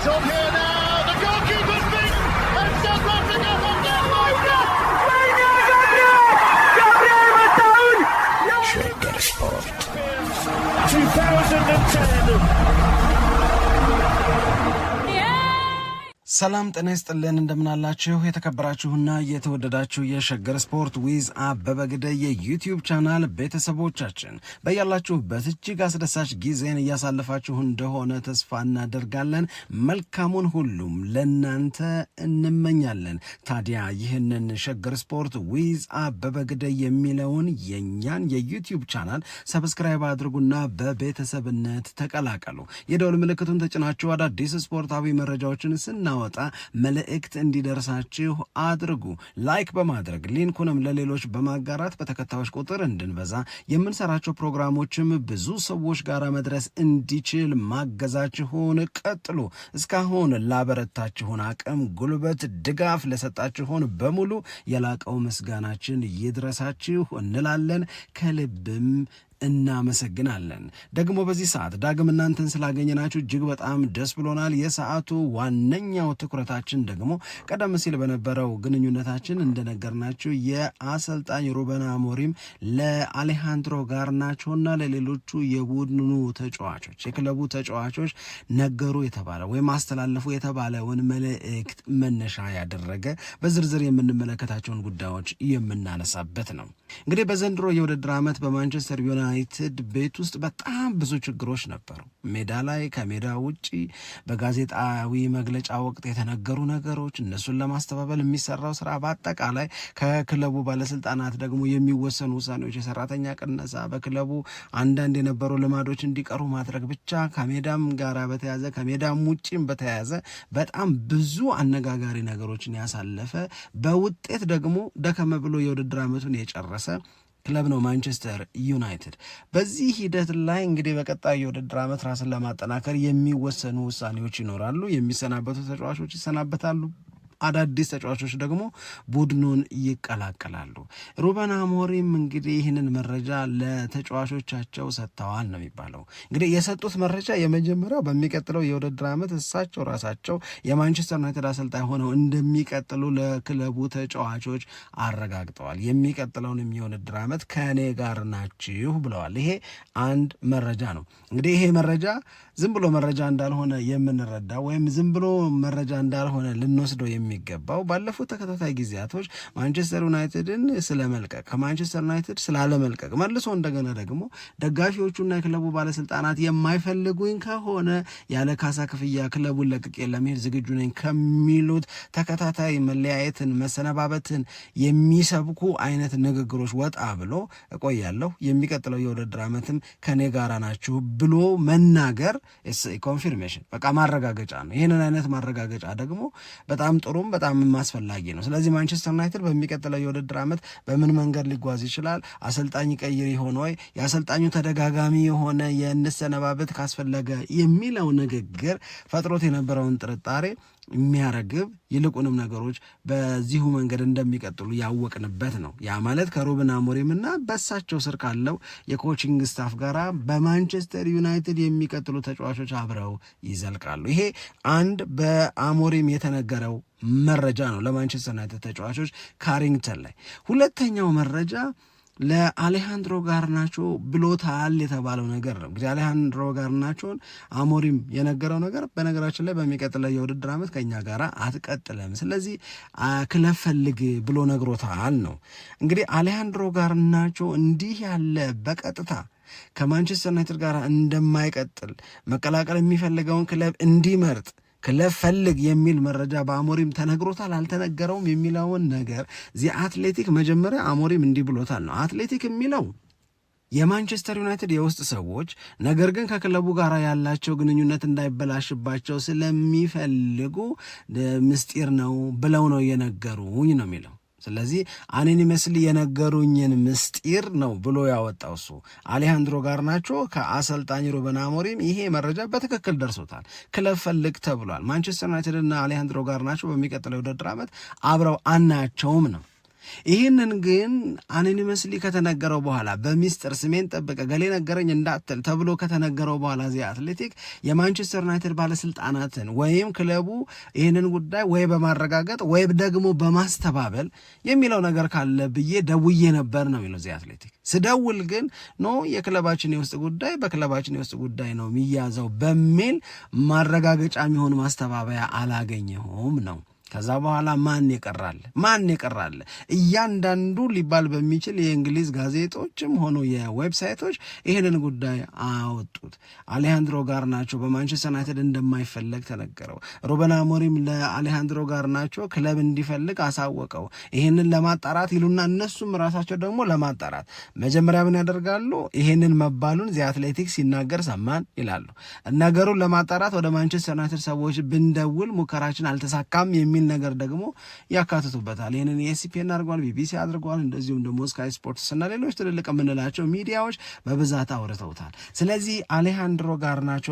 It's on here ሰላም ጤና ይስጥልን እንደምናላችሁ የተከበራችሁና የተወደዳችሁ የሸገር ስፖርት ዊዝ አበበ ግደይ የዩቲዩብ ቻናል ቤተሰቦቻችን በያላችሁበት እጅግ አስደሳች ጊዜን እያሳለፋችሁ እንደሆነ ተስፋ እናደርጋለን። መልካሙን ሁሉም ለናንተ እንመኛለን። ታዲያ ይህንን ሸገር ስፖርት ዊዝ አበበ ግደይ የሚለውን የእኛን የዩቲዩብ ቻናል ሰብስክራይብ አድርጉና በቤተሰብነት ተቀላቀሉ። የደውል ምልክቱን ተጭናችሁ አዳዲስ ስፖርታዊ መረጃዎችን ስና የሚወጣ መልእክት እንዲደርሳችሁ አድርጉ። ላይክ በማድረግ ሊንኩንም ለሌሎች በማጋራት በተከታዮች ቁጥር እንድንበዛ የምንሰራቸው ፕሮግራሞችም ብዙ ሰዎች ጋር መድረስ እንዲችል ማገዛችሁን ቀጥሉ። እስካሁን ላበረታችሁን አቅም፣ ጉልበት፣ ድጋፍ ለሰጣችሁን በሙሉ የላቀው ምስጋናችን ይድረሳችሁ እንላለን ከልብም እናመሰግናለን። ደግሞ በዚህ ሰዓት ዳግም እናንተን ስላገኘናችሁ እጅግ በጣም ደስ ብሎናል። የሰዓቱ ዋነኛው ትኩረታችን ደግሞ ቀደም ሲል በነበረው ግንኙነታችን እንደነገርናችሁ የአሰልጣኝ ሩበን አሞሪም ለአሌሃንድሮ ጋርናቾና ለሌሎቹ የቡድኑ ተጫዋቾች የክለቡ ተጫዋቾች ነገሩ የተባለ ወይም አስተላለፉ የተባለውን መልእክት መነሻ ያደረገ በዝርዝር የምንመለከታቸውን ጉዳዮች የምናነሳበት ነው። እንግዲህ በዘንድሮ የውድድር ዓመት በማንቸስተር ዩናይትድ ቤት ውስጥ በጣም ብዙ ችግሮች ነበሩ። ሜዳ ላይ፣ ከሜዳ ውጪ፣ በጋዜጣዊ መግለጫ ወቅት የተነገሩ ነገሮች፣ እነሱን ለማስተባበል የሚሰራው ስራ፣ በአጠቃላይ ከክለቡ ባለስልጣናት ደግሞ የሚወሰኑ ውሳኔዎች፣ የሰራተኛ ቅነሳ፣ በክለቡ አንዳንድ የነበሩ ልማዶች እንዲቀሩ ማድረግ ብቻ ከሜዳም ጋራ በተያዘ ከሜዳም ውጪም በተያያዘ በጣም ብዙ አነጋጋሪ ነገሮችን ያሳለፈ በውጤት ደግሞ ደከመ ብሎ የውድድር ዓመቱን የጨረሰ የደረሰ ክለብ ነው ማንቸስተር ዩናይትድ። በዚህ ሂደት ላይ እንግዲህ በቀጣይ የውድድር ዓመት ራስን ለማጠናከር የሚወሰኑ ውሳኔዎች ይኖራሉ። የሚሰናበቱ ተጫዋቾች ይሰናበታሉ። አዳዲስ ተጫዋቾች ደግሞ ቡድኑን ይቀላቀላሉ። ሩበን አሞሪም እንግዲህ ይህንን መረጃ ለተጫዋቾቻቸው ሰጥተዋል ነው የሚባለው። እንግዲህ የሰጡት መረጃ የመጀመሪያው በሚቀጥለው የውድድር ዓመት እሳቸው ራሳቸው የማንቸስተር ዩናይትድ አሰልጣኝ ሆነው እንደሚቀጥሉ ለክለቡ ተጫዋቾች አረጋግጠዋል። የሚቀጥለውን የውድድር ዓመት ከእኔ ጋር ናችሁ ብለዋል። ይሄ አንድ መረጃ ነው። እንግዲህ ይሄ መረጃ ዝም ብሎ መረጃ እንዳልሆነ የምንረዳ ወይም ዝም ብሎ መረጃ እንዳልሆነ ልንወስደው የሚ የሚገባው ባለፉት ተከታታይ ጊዜያቶች ማንቸስተር ዩናይትድን ስለመልቀቅ ከማንቸስተር ዩናይትድ ስላለመልቀቅ መልሶ እንደገና ደግሞ ደጋፊዎቹና የክለቡ ባለስልጣናት የማይፈልጉኝ ከሆነ ያለ ካሳ ክፍያ ክለቡን ለቅቄ ለመሄድ ዝግጁ ነኝ ከሚሉት ተከታታይ መለያየትን፣ መሰነባበትን የሚሰብኩ አይነት ንግግሮች ወጣ ብሎ እቆያለሁ የሚቀጥለው የውድድር ዓመትም ከኔ ጋራ ናችሁ ብሎ መናገር ኮንፊርሜሽን በቃ ማረጋገጫ ነው። ይህንን አይነት ማረጋገጫ ደግሞ በጣም ጥሩ መኖሩም በጣም አስፈላጊ ነው። ስለዚህ ማንቸስተር ዩናይትድ በሚቀጥለው የውድድር ዓመት በምን መንገድ ሊጓዝ ይችላል? አሰልጣኝ ቀይር ይሆን ወይ? የአሰልጣኙ ተደጋጋሚ የሆነ የንሰነባበት ካስፈለገ የሚለው ንግግር ፈጥሮት የነበረውን ጥርጣሬ የሚያረግብ ይልቁንም ነገሮች በዚሁ መንገድ እንደሚቀጥሉ ያወቅንበት ነው። ያ ማለት ከሩበን እና በሳቸው ስር ካለው የኮችንግ ስታፍ ጋር በማንቸስተር ዩናይትድ የሚቀጥሉ ተጫዋቾች አብረው ይዘልቃሉ። ይሄ አንድ በአሞሪም የተነገረው መረጃ ነው ለማንቸስተር ዩናይትድ ተጫዋቾች ካሪንግተን ላይ። ሁለተኛው መረጃ ለአሌሃንድሮ ጋርናቾ ብሎታል የተባለው ነገር ነው። እንግዲህ አሌሃንድሮ ጋርናቾን አሞሪም የነገረው ነገር በነገራችን ላይ በሚቀጥለው የውድድር ዓመት ከኛ ጋር አትቀጥለም፣ ስለዚህ ክለብ ፈልግ ብሎ ነግሮታል ነው። እንግዲህ አሌሃንድሮ ጋርናቾ እንዲህ ያለ በቀጥታ ከማንቸስተር ዩናይትድ ጋር እንደማይቀጥል መቀላቀል የሚፈልገውን ክለብ እንዲመርጥ ክለብ ፈልግ የሚል መረጃ በአሞሪም ተነግሮታል አልተነገረውም የሚለውን ነገር ዚ አትሌቲክ መጀመሪያ አሞሪም እንዲህ ብሎታል ነው አትሌቲክ የሚለው የማንቸስተር ዩናይትድ የውስጥ ሰዎች ነገር ግን ከክለቡ ጋር ያላቸው ግንኙነት እንዳይበላሽባቸው ስለሚፈልጉ ምስጢር ነው ብለው ነው የነገሩኝ ነው የሚለው ስለዚህ አኔን ይመስል የነገሩኝን ምስጢር ነው ብሎ ያወጣው እሱ። አሌሃንድሮ ጋርናቾ ከአሰልጣኝ ሩበን አሞሪም ይሄ መረጃ በትክክል ደርሶታል። ክለብ ፈልግ ተብሏል። ማንቸስተር ዩናይትድ እና አሌሃንድሮ ጋርናቾ በሚቀጥለው ውድድር ዓመት አብረው አናያቸውም ነው ይህንን ግን አኖኒመስሊ ከተነገረው በኋላ በሚስጥር ስሜን ጠብቀ ገሌ ነገረኝ እንዳትል ተብሎ ከተነገረው በኋላ ዚ አትሌቲክ የማንቸስተር ዩናይትድ ባለስልጣናትን ወይም ክለቡ ይህንን ጉዳይ ወይ በማረጋገጥ ወይም ደግሞ በማስተባበል የሚለው ነገር ካለ ብዬ ደውዬ ነበር ነው የሚለው ዚ አትሌቲክ። ስደውል ግን ኖ የክለባችን የውስጥ ጉዳይ በክለባችን የውስጥ ጉዳይ ነው የሚያዘው በሚል ማረጋገጫ የሚሆን ማስተባበያ አላገኘሁም ነው ከዛ በኋላ ማን ይቀራል? ማን ይቀራል? እያንዳንዱ ሊባል በሚችል የእንግሊዝ ጋዜጦችም ሆኑ የዌብሳይቶች ይህንን ጉዳይ አወጡት። አሌሃንድሮ ናቸው በማንቸስተር ዩናይትድ እንደማይፈለግ ተነገረው። ሩበን አሞሪም ለአሌሃንድሮ ናቸው ክለብ እንዲፈልግ አሳወቀው። ይህንን ለማጣራት ይሉና እነሱም ራሳቸው ደግሞ ለማጣራት መጀመሪያ ምን ያደርጋሉ? ይህንን መባሉን ዚ አትሌቲክስ ሲናገር ሰማን ይላሉ። ነገሩን ለማጣራት ወደ ማንቸስተር ዩናይትድ ሰዎች ብንደውል ሙከራችን አልተሳካም የሚ የሚል ነገር ደግሞ ያካትቱበታል። ይህንን የኤስፒኤን አድርጓል፣ ቢቢሲ አድርጓል፣ እንደዚሁም ደግሞ ስካይ ስፖርትስ እና ሌሎች ትልልቅ የምንላቸው ሚዲያዎች በብዛት አውርተውታል። ስለዚህ አሌሃንድሮ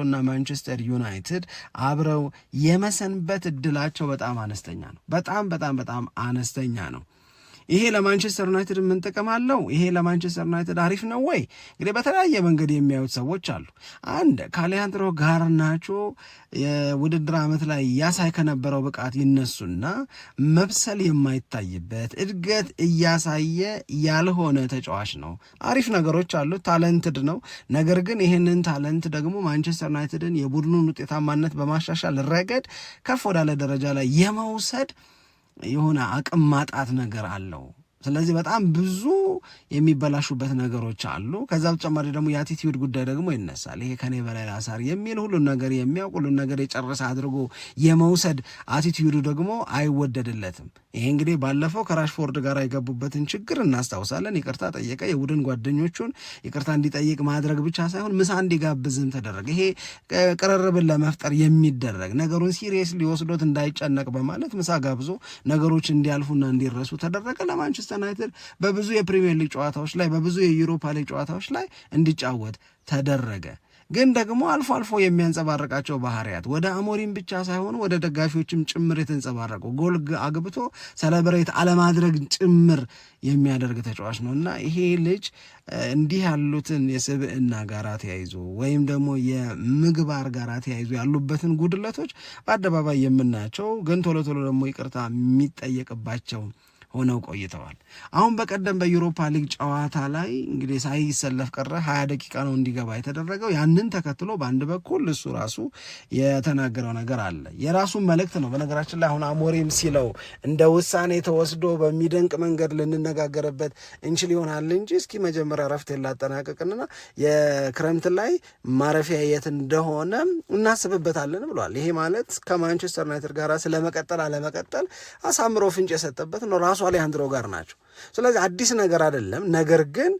እና ማንቸስተር ዩናይትድ አብረው የመሰንበት እድላቸው በጣም አነስተኛ ነው። በጣም በጣም በጣም አነስተኛ ነው። ይሄ ለማንቸስተር ዩናይትድ ምን ጥቅም አለው? ይሄ ለማንቸስተር ዩናይትድ አሪፍ ነው ወይ? እንግዲህ በተለያየ መንገድ የሚያዩት ሰዎች አሉ። አንድ ከአሌሃንድሮ ጋርናቾ የውድድር ዓመት ላይ እያሳይ ከነበረው ብቃት ይነሱና መብሰል የማይታይበት እድገት እያሳየ ያልሆነ ተጫዋች ነው። አሪፍ ነገሮች አሉት፣ ታለንትድ ነው። ነገር ግን ይህንን ታለንት ደግሞ ማንቸስተር ዩናይትድን የቡድኑን ውጤታማነት በማሻሻል ረገድ ከፍ ወዳለ ደረጃ ላይ የመውሰድ የሆነ አቅም ማጣት ነገር አለው። ስለዚህ በጣም ብዙ የሚበላሹበት ነገሮች አሉ። ከዛ በተጨማሪ ደግሞ የአቲቲዩድ ጉዳይ ደግሞ ይነሳል። ይሄ ከኔ በላይ ላሳር የሚል ሁሉን ነገር የሚያውቅ ሁሉን ነገር የጨረሰ አድርጎ የመውሰድ አቲቲዩዱ ደግሞ አይወደድለትም። ይሄ እንግዲህ ባለፈው ከራሽፎርድ ጋር የገቡበትን ችግር እናስታውሳለን። ይቅርታ ጠየቀ። የቡድን ጓደኞቹን ይቅርታ እንዲጠይቅ ማድረግ ብቻ ሳይሆን ምሳ እንዲጋብዝም ተደረገ። ይሄ ቅርርብን ለመፍጠር የሚደረግ ነገሩን ሲሪየስ ሊወስዶት እንዳይጨነቅ በማለት ምሳ ጋብዞ ነገሮች እንዲያልፉና እንዲረሱ ተደረገ ለማንቸስተር ማንቸስተር ዩናይትድ በብዙ የፕሪሚየር ሊግ ጨዋታዎች ላይ በብዙ የዩሮፓ ሊግ ጨዋታዎች ላይ እንዲጫወት ተደረገ። ግን ደግሞ አልፎ አልፎ የሚያንጸባረቃቸው ባህሪያት ወደ አሞሪም ብቻ ሳይሆኑ ወደ ደጋፊዎችም ጭምር የተንጸባረቁ ጎል አግብቶ ሰለብሬት አለማድረግ ጭምር የሚያደርግ ተጫዋች ነው እና ይሄ ልጅ እንዲህ ያሉትን የስብዕና ጋራ ተያይዞ ወይም ደግሞ የምግባር ጋራ ተያይዞ ያሉበትን ጉድለቶች በአደባባይ የምናያቸው ግን ቶሎ ቶሎ ደግሞ ይቅርታ የሚጠየቅባቸው ሆነው ቆይተዋል። አሁን በቀደም በዩሮፓ ሊግ ጨዋታ ላይ እንግዲህ ሳይሰለፍ ቀረ። ሀያ ደቂቃ ነው እንዲገባ የተደረገው። ያንን ተከትሎ በአንድ በኩል እሱ ራሱ የተናገረው ነገር አለ። የራሱን መልእክት ነው በነገራችን ላይ አሁን አሞሪም ሲለው እንደ ውሳኔ ተወስዶ በሚደንቅ መንገድ ልንነጋገርበት እንችል ይሆናል እንጂ እስኪ መጀመሪያ ረፍት ላጠናቀቅንና የክረምት ላይ ማረፊያ የት እንደሆነ እናስብበታለን ብሏል። ይሄ ማለት ከማንቸስተር ዩናይትድ ጋር ስለመቀጠል አለመቀጠል አሳምሮ ፍንጭ የሰጠበት ነው ራሱ አሌሃንድሮ ጋር ናቸው። ስለዚህ አዲስ ነገር አይደለም። ነገር ግን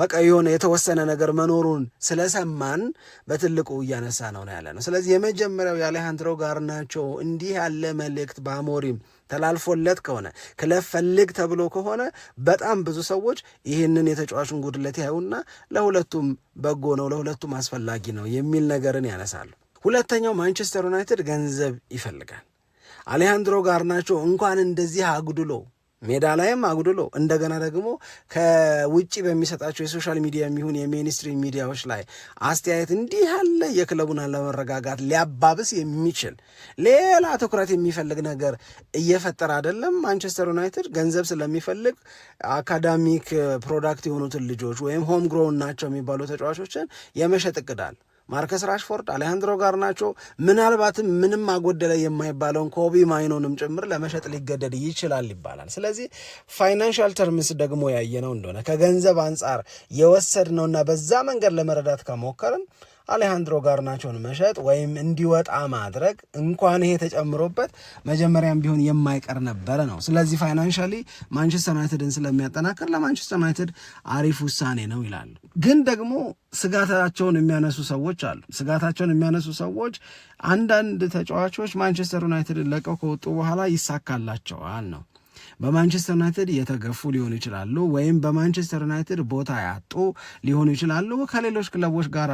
በቃ የሆነ የተወሰነ ነገር መኖሩን ስለሰማን በትልቁ እያነሳ ነው ያለ ነው። ስለዚህ የመጀመሪያው የአሌሃንድሮ ጋር ናቸው እንዲህ ያለ መልእክት በአሞሪም ተላልፎለት ከሆነ ክለብ ፈልግ ተብሎ ከሆነ በጣም ብዙ ሰዎች ይህንን የተጫዋቹን ጉድለት ያዩና ለሁለቱም በጎ ነው፣ ለሁለቱም አስፈላጊ ነው የሚል ነገርን ያነሳሉ። ሁለተኛው ማንቸስተር ዩናይትድ ገንዘብ ይፈልጋል። አሌሃንድሮ ጋርናቾ እንኳን እንደዚህ አጉድሎ ሜዳ ላይም አጉድሎ እንደገና ደግሞ ከውጭ በሚሰጣቸው የሶሻል ሚዲያ የሚሆን የሚኒስትሪ ሚዲያዎች ላይ አስተያየት እንዲህ ያለ የክለቡን አለመረጋጋት ሊያባብስ የሚችል ሌላ ትኩረት የሚፈልግ ነገር እየፈጠረ አይደለም። ማንቸስተር ዩናይትድ ገንዘብ ስለሚፈልግ አካዳሚክ ፕሮዳክት የሆኑትን ልጆች ወይም ሆም ግሮውን ናቸው የሚባሉ ተጫዋቾችን የመሸጥ እቅዳል ማርከስ ራሽፎርድ፣ አሌሃንድሮ ጋርናቾ ምናልባትም ምንም አጎደለ የማይባለውን ኮቢ ማይኖንም ጭምር ለመሸጥ ሊገደድ ይችላል ይባላል። ስለዚህ ፋይናንሻል ተርምስ ደግሞ ያየነው እንደሆነ ከገንዘብ አንጻር የወሰድነውና በዛ መንገድ ለመረዳት ከሞከርን አሌሃንድሮ ጋርናቾን መሸጥ ወይም እንዲወጣ ማድረግ እንኳን ይሄ ተጨምሮበት መጀመሪያም ቢሆን የማይቀር ነበረ ነው። ስለዚህ ፋይናንሻሊ ማንቸስተር ዩናይትድን ስለሚያጠናክር ለማንቸስተር ዩናይትድ አሪፍ ውሳኔ ነው ይላሉ። ግን ደግሞ ስጋታቸውን የሚያነሱ ሰዎች አሉ። ስጋታቸውን የሚያነሱ ሰዎች አንዳንድ ተጫዋቾች ማንቸስተር ዩናይትድን ለቀው ከወጡ በኋላ ይሳካላቸዋል ነው በማንቸስተር ዩናይትድ የተገፉ ሊሆኑ ይችላሉ፣ ወይም በማንቸስተር ዩናይትድ ቦታ ያጡ ሊሆኑ ይችላሉ። ከሌሎች ክለቦች ጋር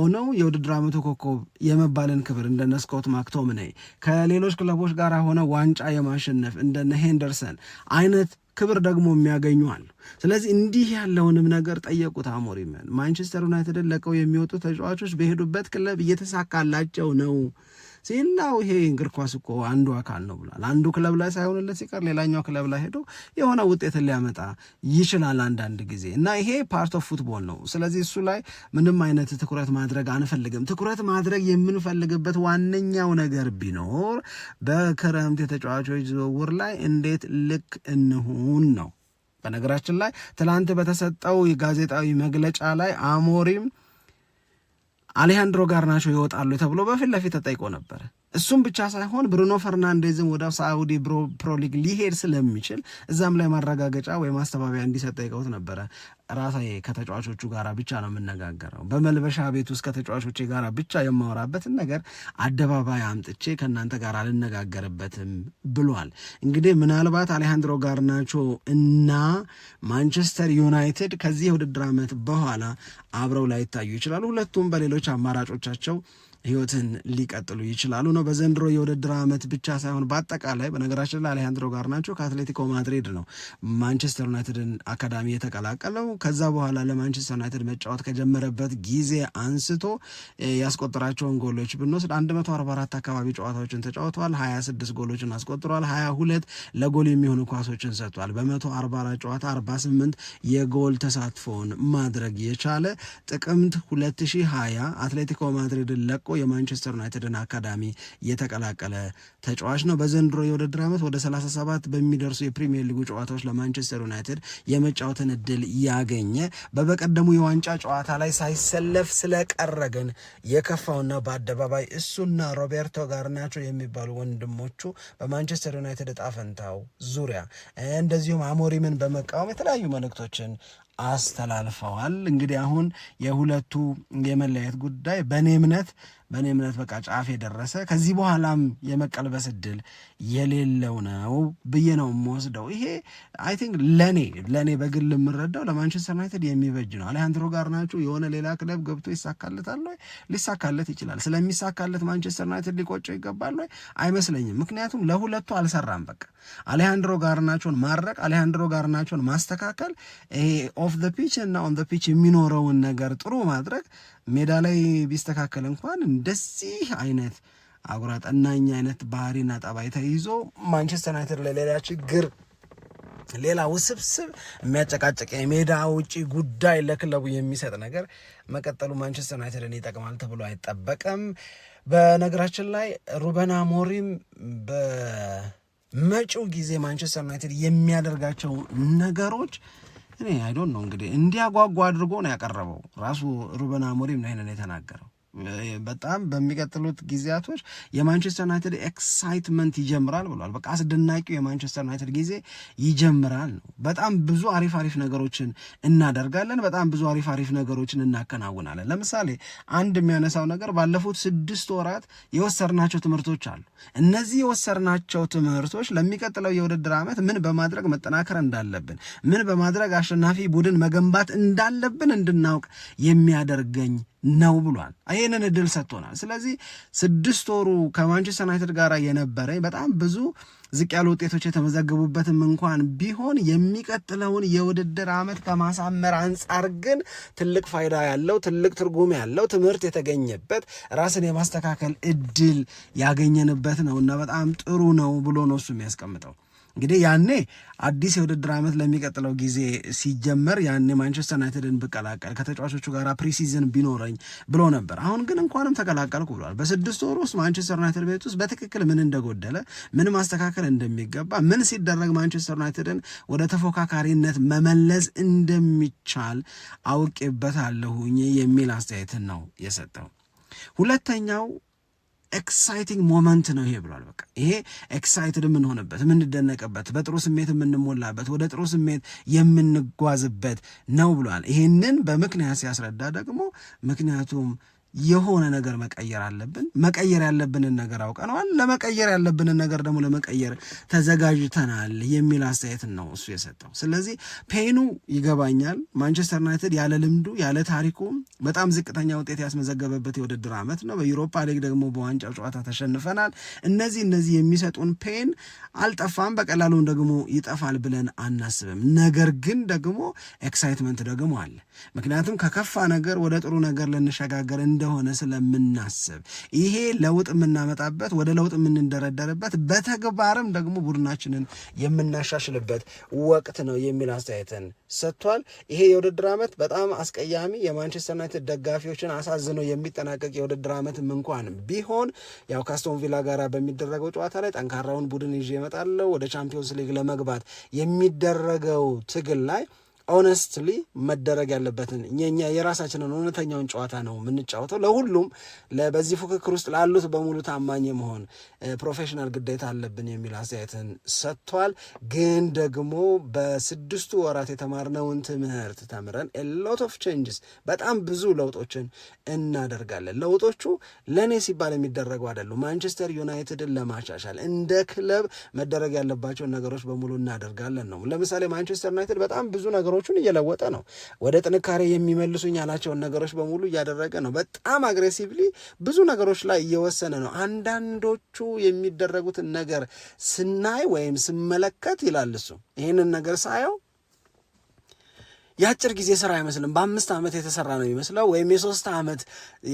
ሆነው የውድድር ዓመቱ ኮከብ የመባልን ክብር እንደነ ስኮት ማክቶምኔ ከሌሎች ክለቦች ጋር ሆነ ዋንጫ የማሸነፍ እንደነ ሄንደርሰን አይነት ክብር ደግሞ የሚያገኙ አሉ። ስለዚህ እንዲህ ያለውንም ነገር ጠየቁት አሞሪምን። ማንቸስተር ዩናይትድን ለቀው የሚወጡ ተጫዋቾች በሄዱበት ክለብ እየተሳካላቸው ነው ሲናው ይሄ እግር ኳስ እኮ አንዱ አካል ነው ብሏል። አንዱ ክለብ ላይ ሳይሆንለት ሲቀር ሌላኛው ክለብ ላይ ሄዶ የሆነ ውጤትን ሊያመጣ ይችላል አንዳንድ ጊዜ እና ይሄ ፓርት ኦፍ ፉትቦል ነው። ስለዚህ እሱ ላይ ምንም አይነት ትኩረት ማድረግ አንፈልግም። ትኩረት ማድረግ የምንፈልግበት ዋነኛው ነገር ቢኖር በክረምት የተጫዋቾች ዝውውር ላይ እንዴት ልክ እንሁን ነው። በነገራችን ላይ ትናንት በተሰጠው ጋዜጣዊ መግለጫ ላይ አሞሪም አሌሃንድሮ ጋርናቾ ይወጣሉ ተብሎ በፊት ለፊት ተጠይቆ ነበረ። እሱም ብቻ ሳይሆን ብሩኖ ፈርናንዴዝም ወደ ሳዑዲ ፕሮሊግ ሊሄድ ስለሚችል እዛም ላይ ማረጋገጫ ወይም ማስተባበያ እንዲሰጥ ጠይቀውት ነበረ። ራሳ ከተጫዋቾቹ ጋር ብቻ ነው የምነጋገረው፣ በመልበሻ ቤት ውስጥ ከተጫዋቾቼ ጋር ብቻ የማወራበትን ነገር አደባባይ አምጥቼ ከእናንተ ጋር አልነጋገርበትም ብሏል። እንግዲህ ምናልባት አሌሃንድሮ ጋርናቾ እና ማንቸስተር ዩናይትድ ከዚህ የውድድር ዓመት በኋላ አብረው ላይታዩ ይችላሉ። ሁለቱም በሌሎች አማራጮቻቸው ህይወትን ሊቀጥሉ ይችላሉ ነው። በዘንድሮ የውድድር ዓመት ብቻ ሳይሆን በአጠቃላይ በነገራችን ላይ አሌሃንድሮ ጋርናቾ ከአትሌቲኮ ማድሪድ ነው ማንቸስተር ዩናይትድን አካዳሚ የተቀላቀለው። ከዛ በኋላ ለማንቸስተር ዩናይትድ መጫወት ከጀመረበት ጊዜ አንስቶ ያስቆጠራቸውን ጎሎች ብንወስድ 144 አካባቢ ጨዋታዎችን ተጫውተዋል። 26 ጎሎችን አስቆጥሯል። 22 ለጎል የሚሆኑ ኳሶችን ሰጥቷል። በ144 ጨዋታ 48 የጎል ተሳትፎውን ማድረግ የቻለ ጥቅምት 2020 አትሌቲኮ ማድሪድን ለቆ የማንቸስተር ዩናይትድን አካዳሚ የተቀላቀለ ተጫዋች ነው። በዘንድሮ የውድድር ዓመት ወደ 37 በሚደርሱ የፕሪሚየር ሊጉ ጨዋታዎች ለማንቸስተር ዩናይትድ የመጫወትን እድል ያገኘ በበቀደሙ የዋንጫ ጨዋታ ላይ ሳይሰለፍ ስለቀረ ግን የከፋውና በአደባባይ እሱና ሮቤርቶ ጋርናቾ የሚባሉ ወንድሞቹ በማንቸስተር ዩናይትድ እጣ ፈንታው ዙሪያ እንደዚሁም አሞሪምን በመቃወም የተለያዩ መልእክቶችን አስተላልፈዋል። እንግዲህ አሁን የሁለቱ የመለያየት ጉዳይ በእኔ እምነት በእኔ እምነት በቃ ጫፍ የደረሰ ከዚህ በኋላም የመቀልበስ እድል የሌለው ነው ብዬ ነው የምወስደው። ይሄ አይ ቲንክ ለእኔ ለእኔ በግል የምረዳው ለማንቸስተር ዩናይትድ የሚበጅ ነው። አሌሃንድሮ ጋርናቾ የሆነ ሌላ ክለብ ገብቶ ይሳካለታል ወይ? ሊሳካለት ይችላል። ስለሚሳካለት ማንቸስተር ዩናይትድ ሊቆጨው ይገባል ወይ? አይመስለኝም። ምክንያቱም ለሁለቱ አልሰራም። በቃ አሌሃንድሮ ጋርናቾን ማድረቅ አሌሃንድሮ ጋርናቾን ማስተካከል፣ ይሄ ኦፍ ፒች እና ኦን ፒች የሚኖረውን ነገር ጥሩ ማድረግ ሜዳ ላይ ቢስተካከል እንኳን እንደዚህ አይነት አጉራ ጠናኝ አይነት ባህሪና ጠባይ ተይዞ ማንቸስተር ዩናይትድ ለሌላ ችግር ሌላ ውስብስብ የሚያጨቃጭቅ የሜዳ ውጪ ጉዳይ ለክለቡ የሚሰጥ ነገር መቀጠሉ ማንቸስተር ዩናይትድን ይጠቅማል ተብሎ አይጠበቅም። በነገራችን ላይ ሩበን አሞሪም በመጪው ጊዜ ማንቸስተር ዩናይትድ የሚያደርጋቸው ነገሮች እኔ አይዶን ነው እንግዲህ እንዲያጓጓ አድርጎ ነው ያቀረበው። ራሱ ሩበን አሞሪም ነው ይሄንን የተናገረው። በጣም በሚቀጥሉት ጊዜያቶች የማንቸስተር ዩናይትድ ኤክሳይትመንት ይጀምራል ብሏል። በቃ አስደናቂው የማንቸስተር ዩናይትድ ጊዜ ይጀምራል ነው። በጣም ብዙ አሪፍ አሪፍ ነገሮችን እናደርጋለን። በጣም ብዙ አሪፍ አሪፍ ነገሮችን እናከናውናለን። ለምሳሌ አንድ የሚያነሳው ነገር ባለፉት ስድስት ወራት የወሰድናቸው ትምህርቶች አሉ። እነዚህ የወሰድናቸው ትምህርቶች ለሚቀጥለው የውድድር ዓመት ምን በማድረግ መጠናከር እንዳለብን፣ ምን በማድረግ አሸናፊ ቡድን መገንባት እንዳለብን እንድናውቅ የሚያደርገኝ ነው ብሏል። ይህንን እድል ሰጥቶናል። ስለዚህ ስድስት ወሩ ከማንቸስተር ዩናይትድ ጋር የነበረ በጣም ብዙ ዝቅ ያሉ ውጤቶች የተመዘገቡበትም እንኳን ቢሆን የሚቀጥለውን የውድድር ዓመት ከማሳመር አንጻር ግን ትልቅ ፋይዳ ያለው ትልቅ ትርጉም ያለው ትምህርት የተገኘበት ራስን የማስተካከል እድል ያገኘንበት ነው እና በጣም ጥሩ ነው ብሎ ነው እሱ የሚያስቀምጠው። እንግዲህ ያኔ አዲስ የውድድር ዓመት ለሚቀጥለው ጊዜ ሲጀመር ያኔ ማንቸስተር ዩናይትድን ብቀላቀል ከተጫዋቾቹ ጋር ፕሪሲዝን ቢኖረኝ ብሎ ነበር። አሁን ግን እንኳንም ተቀላቀልኩ ብሏል። በስድስት ወር ውስጥ ማንቸስተር ዩናይትድ ቤት ውስጥ በትክክል ምን እንደጎደለ፣ ምን ማስተካከል እንደሚገባ፣ ምን ሲደረግ ማንቸስተር ዩናይትድን ወደ ተፎካካሪነት መመለስ እንደሚቻል አውቄበታለሁኝ የሚል አስተያየትን ነው የሰጠው። ሁለተኛው ኤክሳይቲንግ ሞመንት ነው ይሄ ብሏል። በቃ ይሄ ኤክሳይትድ የምንሆንበት የምንደነቅበት፣ በጥሩ ስሜት የምንሞላበት፣ ወደ ጥሩ ስሜት የምንጓዝበት ነው ብሏል። ይሄንን በምክንያት ሲያስረዳ ደግሞ ምክንያቱም የሆነ ነገር መቀየር አለብን። መቀየር ያለብንን ነገር አውቀነዋል። ለመቀየር ያለብንን ነገር ደግሞ ለመቀየር ተዘጋጅተናል የሚል አስተያየትን ነው እሱ የሰጠው። ስለዚህ ፔኑ ይገባኛል። ማንቸስተር ዩናይትድ ያለ ልምዱ ያለ ታሪኩ በጣም ዝቅተኛ ውጤት ያስመዘገበበት የውድድር ዓመት ነው። በዩሮፓ ሊግ ደግሞ በዋንጫው ጨዋታ ተሸንፈናል። እነዚህ እነዚህ የሚሰጡን ፔን አልጠፋም፣ በቀላሉም ደግሞ ይጠፋል ብለን አናስብም። ነገር ግን ደግሞ ኤክሳይትመንት ደግሞ አለ። ምክንያቱም ከከፋ ነገር ወደ ጥሩ ነገር ልንሸጋገር እንደሆነ ስለምናስብ ይሄ ለውጥ የምናመጣበት ወደ ለውጥ የምንደረደርበት በተግባርም ደግሞ ቡድናችንን የምናሻሽልበት ወቅት ነው የሚል አስተያየትን ሰጥቷል። ይሄ የውድድር ዓመት በጣም አስቀያሚ የማንቸስተር ዩናይትድ ደጋፊዎችን አሳዝኖ የሚጠናቀቅ የውድድር ዓመትም እንኳን ቢሆን ያው ካስቶን ቪላ ጋር በሚደረገው ጨዋታ ላይ ጠንካራውን ቡድን ይዤ እመጣለሁ ወደ ቻምፒዮንስ ሊግ ለመግባት የሚደረገው ትግል ላይ ኦነስትሊ መደረግ ያለበትን እኛ የራሳችንን እውነተኛውን ጨዋታ ነው የምንጫወተው። ለሁሉም በዚህ ፉክክር ውስጥ ላሉት በሙሉ ታማኝ መሆን ፕሮፌሽናል ግዴታ አለብን የሚል አስተያየትን ሰጥቷል። ግን ደግሞ በስድስቱ ወራት የተማርነውን ትምህርት ተምረን ሎት ኦፍ ቼንጅስ በጣም ብዙ ለውጦችን እናደርጋለን። ለውጦቹ ለእኔ ሲባል የሚደረጉ አይደሉም። ማንቸስተር ዩናይትድን ለማሻሻል እንደ ክለብ መደረግ ያለባቸውን ነገሮች በሙሉ እናደርጋለን ነው። ለምሳሌ ማንቸስተር ዩናይትድ በጣም ብዙ ነገሮች ነገሮቹን እየለወጠ ነው። ወደ ጥንካሬ የሚመልሱኝ ያላቸውን ነገሮች በሙሉ እያደረገ ነው። በጣም አግሬሲቭሊ ብዙ ነገሮች ላይ እየወሰነ ነው። አንዳንዶቹ የሚደረጉትን ነገር ስናይ ወይም ስመለከት ይላል እሱ ይህንን ነገር ሳየው የአጭር ጊዜ ስራ አይመስልም። በአምስት ዓመት የተሰራ ነው የሚመስለው፣ ወይም የሶስት ዓመት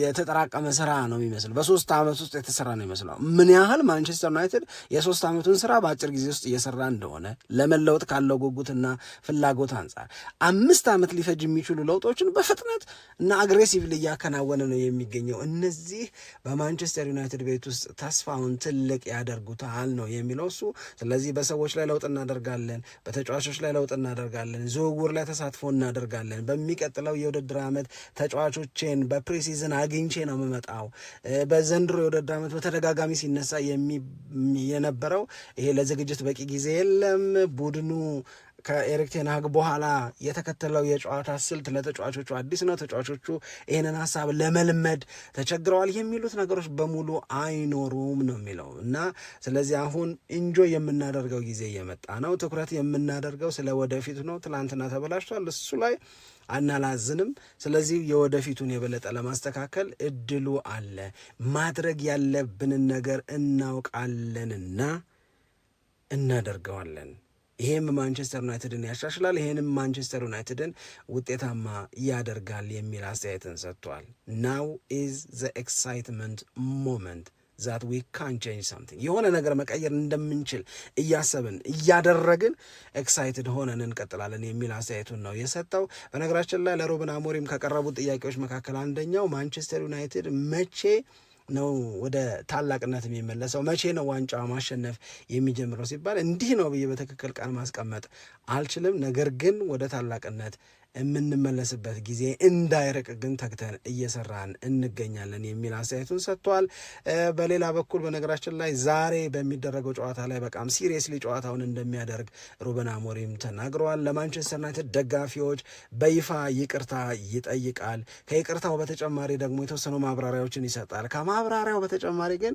የተጠራቀመ ስራ ነው የሚመስለው። በሶስት ዓመት ውስጥ የተሰራ ነው የሚመስለው። ምን ያህል ማንቸስተር ዩናይትድ የሶስት ዓመቱን ስራ በአጭር ጊዜ ውስጥ እየሰራ እንደሆነ ለመለወጥ ካለው ጉጉትና ፍላጎት አንጻር አምስት ዓመት ሊፈጅ የሚችሉ ለውጦችን በፍጥነት እና አግሬሲቭ እያከናወነ ነው የሚገኘው። እነዚህ በማንቸስተር ዩናይትድ ቤት ውስጥ ተስፋውን ትልቅ ያደርጉታል ነው የሚለው እሱ። ስለዚህ በሰዎች ላይ ለውጥ እናደርጋለን፣ በተጫዋቾች ላይ ለውጥ እናደርጋለን፣ ዝውውር ላይ ተሳትፎ እናደርጋለን። በሚቀጥለው የውድድር ዓመት ተጫዋቾቼን በፕሪሲዝን አግኝቼ ነው የምመጣው። በዘንድሮ የውድድር ዓመት በተደጋጋሚ ሲነሳ የነበረው ይሄ ለዝግጅት በቂ ጊዜ የለም ቡድኑ ከኤሪክ ቴንሃግ በኋላ የተከተለው የጨዋታ ስልት ለተጫዋቾቹ አዲስ ነው፣ ተጫዋቾቹ ይህንን ሀሳብ ለመልመድ ተቸግረዋል የሚሉት ነገሮች በሙሉ አይኖሩም ነው የሚለው እና ስለዚህ አሁን እንጆ የምናደርገው ጊዜ እየመጣ ነው። ትኩረት የምናደርገው ስለ ወደፊቱ ነው። ትላንትና ተበላሽቷል፣ እሱ ላይ አናላዝንም። ስለዚህ የወደፊቱን የበለጠ ለማስተካከል እድሉ አለ። ማድረግ ያለብንን ነገር እናውቃለንና እናደርገዋለን ይሄም ማንቸስተር ዩናይትድን ያሻሽላል፣ ይሄንም ማንቸስተር ዩናይትድን ውጤታማ ያደርጋል የሚል አስተያየትን ሰጥቷል። ናው ኢዝ ዘ ኤክሳይትመንት ሞመንት ዛት ዊ ካን ቼንጅ ሳምቲንግ የሆነ ነገር መቀየር እንደምንችል እያሰብን እያደረግን ኤክሳይትድ ሆነን እንቀጥላለን የሚል አስተያየቱን ነው የሰጠው። በነገራችን ላይ ለሮብን አሞሪም ከቀረቡት ጥያቄዎች መካከል አንደኛው ማንቸስተር ዩናይትድ መቼ ነው ወደ ታላቅነት የሚመለሰው? መቼ ነው ዋንጫ ማሸነፍ የሚጀምረው ሲባል እንዲህ ነው ብዬ በትክክል ቃል ማስቀመጥ አልችልም። ነገር ግን ወደ ታላቅነት የምንመለስበት ጊዜ እንዳይርቅ ግን ተግተን እየሰራን እንገኛለን የሚል አስተያየቱን ሰጥቷል። በሌላ በኩል በነገራችን ላይ ዛሬ በሚደረገው ጨዋታ ላይ በጣም ሲሪየስሊ ጨዋታውን እንደሚያደርግ ሩበን አሞሪም ተናግረዋል። ለማንቸስተር ዩናይትድ ደጋፊዎች በይፋ ይቅርታ ይጠይቃል። ከይቅርታው በተጨማሪ ደግሞ የተወሰኑ ማብራሪያዎችን ይሰጣል። ከማብራሪያው በተጨማሪ ግን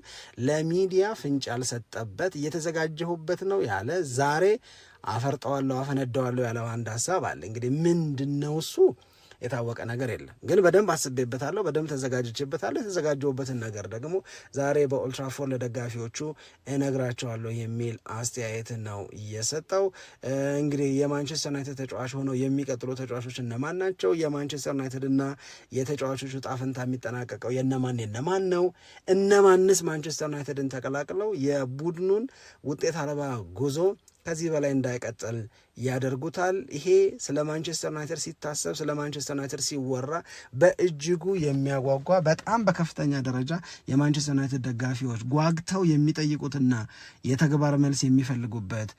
ለሚዲያ ፍንጭ ያልሰጠበት እየተዘጋጀሁበት ነው ያለ ዛሬ አፈርጠዋለሁ፣ አፈነዳዋለሁ ያለው አንድ ሀሳብ አለ። እንግዲህ ምንድን ነው እሱ የታወቀ ነገር የለም፣ ግን በደንብ አስቤበታለሁ፣ በደንብ ተዘጋጅቼበታለሁ። የተዘጋጀሁበትን ነገር ደግሞ ዛሬ በኦልትራፎር ለደጋፊዎቹ እነግራቸዋለሁ የሚል አስተያየት ነው የሰጠው። እንግዲህ የማንቸስተር ዩናይትድ ተጫዋች ሆነው የሚቀጥሉ ተጫዋቾች እነማን ናቸው? የማንቸስተር ዩናይትድና የተጫዋቾቹ ጣፍንታ የሚጠናቀቀው የነማን የነማን ነው? እነማንስ ማንቸስተር ዩናይትድን ተቀላቅለው የቡድኑን ውጤት አልባ ጉዞ ከዚህ በላይ እንዳይቀጥል ያደርጉታል። ይሄ ስለ ማንቸስተር ዩናይትድ ሲታሰብ፣ ስለ ማንቸስተር ዩናይትድ ሲወራ በእጅጉ የሚያጓጓ በጣም በከፍተኛ ደረጃ የማንቸስተር ዩናይትድ ደጋፊዎች ጓግተው የሚጠይቁትና የተግባር መልስ የሚፈልጉበት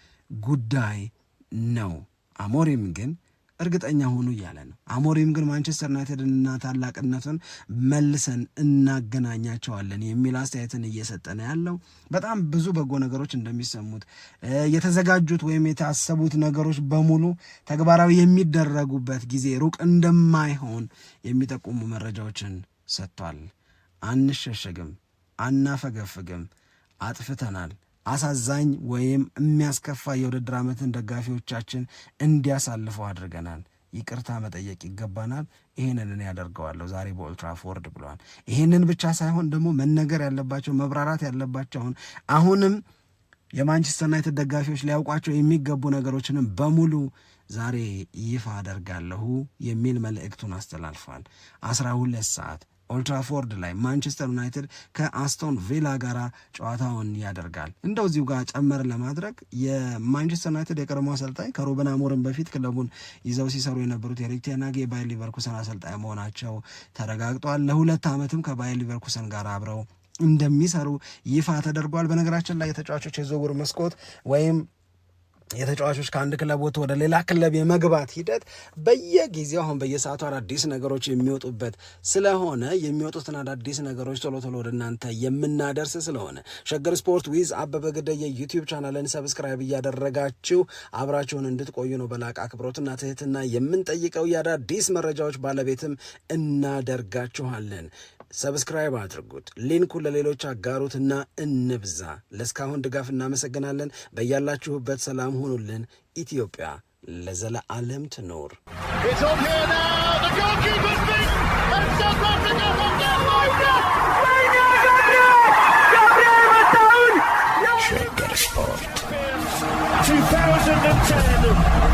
ጉዳይ ነው። አሞሪም ግን እርግጠኛ ሆኑ እያለ ነው። አሞሪም ግን ማንቸስተር ዩናይትድና ታላቅነቱን መልሰን እናገናኛቸዋለን የሚል አስተያየትን እየሰጠ ነው ያለው። በጣም ብዙ በጎ ነገሮች እንደሚሰሙት የተዘጋጁት ወይም የታሰቡት ነገሮች በሙሉ ተግባራዊ የሚደረጉበት ጊዜ ሩቅ እንደማይሆን የሚጠቁሙ መረጃዎችን ሰጥቷል። አንሸሸግም፣ አናፈገፍግም፣ አጥፍተናል አሳዛኝ ወይም የሚያስከፋ የውድድር ዓመትን ደጋፊዎቻችን እንዲያሳልፈው አድርገናል። ይቅርታ መጠየቅ ይገባናል። ይህንን እኔ ያደርገዋለሁ ዛሬ በኦልትራፎርድ ብለዋል። ይህንን ብቻ ሳይሆን ደግሞ መነገር ያለባቸው መብራራት ያለባቸውን አሁንም የማንቸስተር ዩናይትድ ደጋፊዎች ሊያውቋቸው የሚገቡ ነገሮችንም በሙሉ ዛሬ ይፋ አደርጋለሁ የሚል መልእክቱን አስተላልፏል። አስራ ሁለት ሰዓት ኦልትራፎርድ ላይ ማንቸስተር ዩናይትድ ከአስቶን ቪላ ጋር ጨዋታውን ያደርጋል። እንደው እዚሁ ጋር ጨመር ለማድረግ የማንቸስተር ዩናይትድ የቀድሞ አሰልጣኝ ከሩበን አሞሪም በፊት ክለቡን ይዘው ሲሰሩ የነበሩት ኤሪክ ቴን ሃግ የባየር ሊቨርኩሰን አሰልጣኝ መሆናቸው ተረጋግጧል። ለሁለት ዓመትም ከባየር ሊቨርኩሰን ጋር አብረው እንደሚሰሩ ይፋ ተደርጓል። በነገራችን ላይ የተጫዋቾች የዝውውር መስኮት ወይም የተጫዋቾች ከአንድ ክለብ ወጥቶ ወደ ሌላ ክለብ የመግባት ሂደት በየጊዜው አሁን በየሰዓቱ አዳዲስ ነገሮች የሚወጡበት ስለሆነ የሚወጡትን አዳዲስ ነገሮች ቶሎ ቶሎ ወደ እናንተ የምናደርስ ስለሆነ ሸገር ስፖርት ዊዝ አበበ ግደይ የዩቲዩብ ቻናልን ሰብስክራይብ እያደረጋችሁ አብራችሁን እንድትቆዩ ነው በላቅ አክብሮትና ትህትና የምንጠይቀው። የአዳዲስ መረጃዎች ባለቤትም እናደርጋችኋለን። ሰብስክራይብ አድርጉት፣ ሊንኩን ለሌሎች አጋሩትና እንብዛ። ለእስካሁን ድጋፍ እናመሰግናለን። በያላችሁበት ሰላም ሁኑልን። ኢትዮጵያ ለዘለዓለም ትኖር። ሸገር 2010